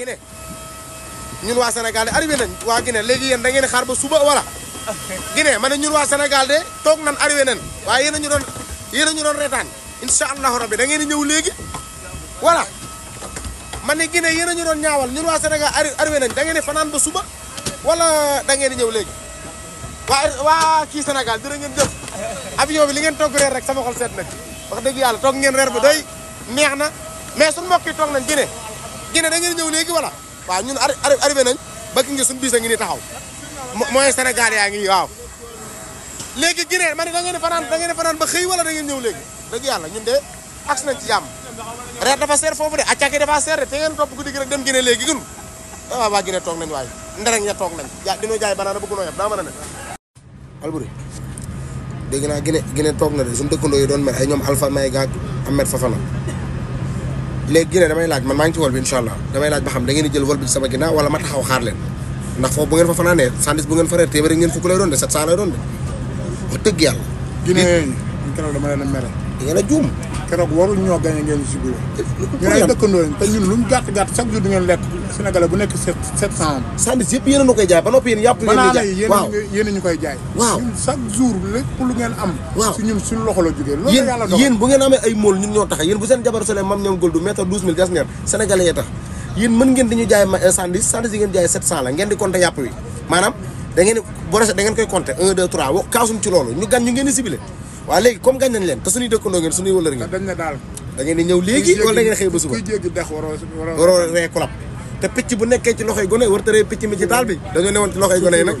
Guinée ñun waa Sénégal de arrivé nañ waa Guinée léegi yéen da ngeen xaar ba suba wala Guinée mana ne ñun waa Sénégal de toog nan arrivé nañ waaye yéen a ñu doon yéen a ñu doon reetaan incha allahu rabbi da ngeen ñëw léegi voilà ma Guinée ñu ñaawal ñun Sénégal arrivé nañ da ngeen fanaan ba suba wala da ngeen ñëw léegi waa waa kii Sénégal dina ngeen jëf avion bi li ngeen togg rek sama xol seet nag wax dëgg yàlla toog ngeen reer doy mais mbokk nañ Guinée gine da ngeen ñëw léegi wala waaw ñun arrivé nañ ba ki nga suñu ngi ni taxaw mooy Sénégal yaa ngi waaw léegi Guinée ma ne da ngeen di fanaan da ngeen ba xëy wala da ngeen ñëw léegi dëgg yàlla ñun de aks nañ ci jàmm reer dafa seer foofu de acaki dafa seer de te ngeen topp guddi gi rek dem Guinée léegi gën ah waa Guinée toog nañ waaye nderek ña toog nañ ja dina jaay banaana bëgg noo yab daa mën a ne Alboury dégg naa Guinée Guinée toog na de suñu dëkkandoo yi doon mer ay ñoom Alpha May gaak Ahmed Fafana léegi Guinée damay laaj man maa ngi ci vol bi incha allah damay laaj ba xam da ngeen di jël vol bi sama ginnaaw wala ma taxaw xaar leen ndax foofu bu ngeen fa fanaanee sandis bu ngeen fa reer téeméer ngeen fukk lay doon de sept cent lay doon de wax dëgg yàlla. Guinée ñu keroog dama leen mere. da ngeen a juum keroog warul ñoo gañe ngeen si biir ñu ay dëkkandoo te ñun lu mu gàtt gàtt chaque jour di ngeen lekk sénégalais bu nekk sept cent sandwich yëpp yéen a koy jaay ba noppi yéen yàpp ngeen jaay yéen yéen ñu jaay chaque jour lépp lu ngeen am waaw si ñun suñu loxo la jógee loolu yàlla dogal yéen bu ngeen amee ay mool ñun ñoo tax yéen bu seen jabar solee mam ñam goldu mètre douze mille ngeen sénégalais ya tax yéen mën ngeen diñu jaay sandwich sandwich yi ngeen jaay sept cent la ngeen di compter yàpp wi maanaam da ngeen borosé da ngeen koy compter un deux trois kaasum ci loolu ñu gan ñu ngeen di sibile waaw léegi comme gañ nañ leen te suñuy dëkkandoo ngeen suñuy wëlër ngeen dañ na ñëw léegi wala ngeen xëy ba suba waroo ree kulab te picc bu nekkee ci loxoy gone warta ree picc mi ci daal bi dañoo newoon ci loxoy gone yi nag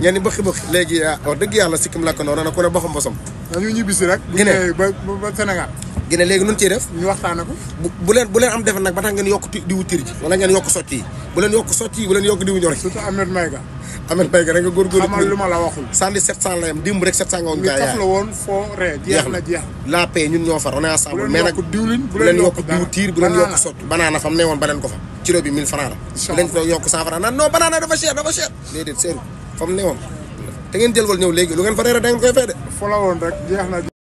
ñeen ni bëxi léegi ah, wax dëgg yàlla sikkim lakkandoor na ku ne baxam bosom dañu ñibbisi rek Guinée ba léegi nun ciy def ñu waxtaana bu leen bu leen am defe nag ba tax ngeen yokk diwu tir ji wala ngeen yokk socc yi bu leen yokk diwu ñor Ameth Mbaye rek nga góorgóorlu. xamal lu ma la waxul. sànni 700 la yam démb rek 700 nga woon. gaa yaay la woon foo ree jeex na jeex la paix ñun ñoo far on est ensemble. mais nag bu leen yokk diw bu leen yokk sotti. banaana fa ne woon ba ko fa. kilo bi 1000 francs bu leen yokk 100 francs naan banaana dafa cher dafa cher. déedéet seeru fa ne woon. te ngeen jël wal ñëw léegi lu ngeen fa reere da koy fay de. fo woon rek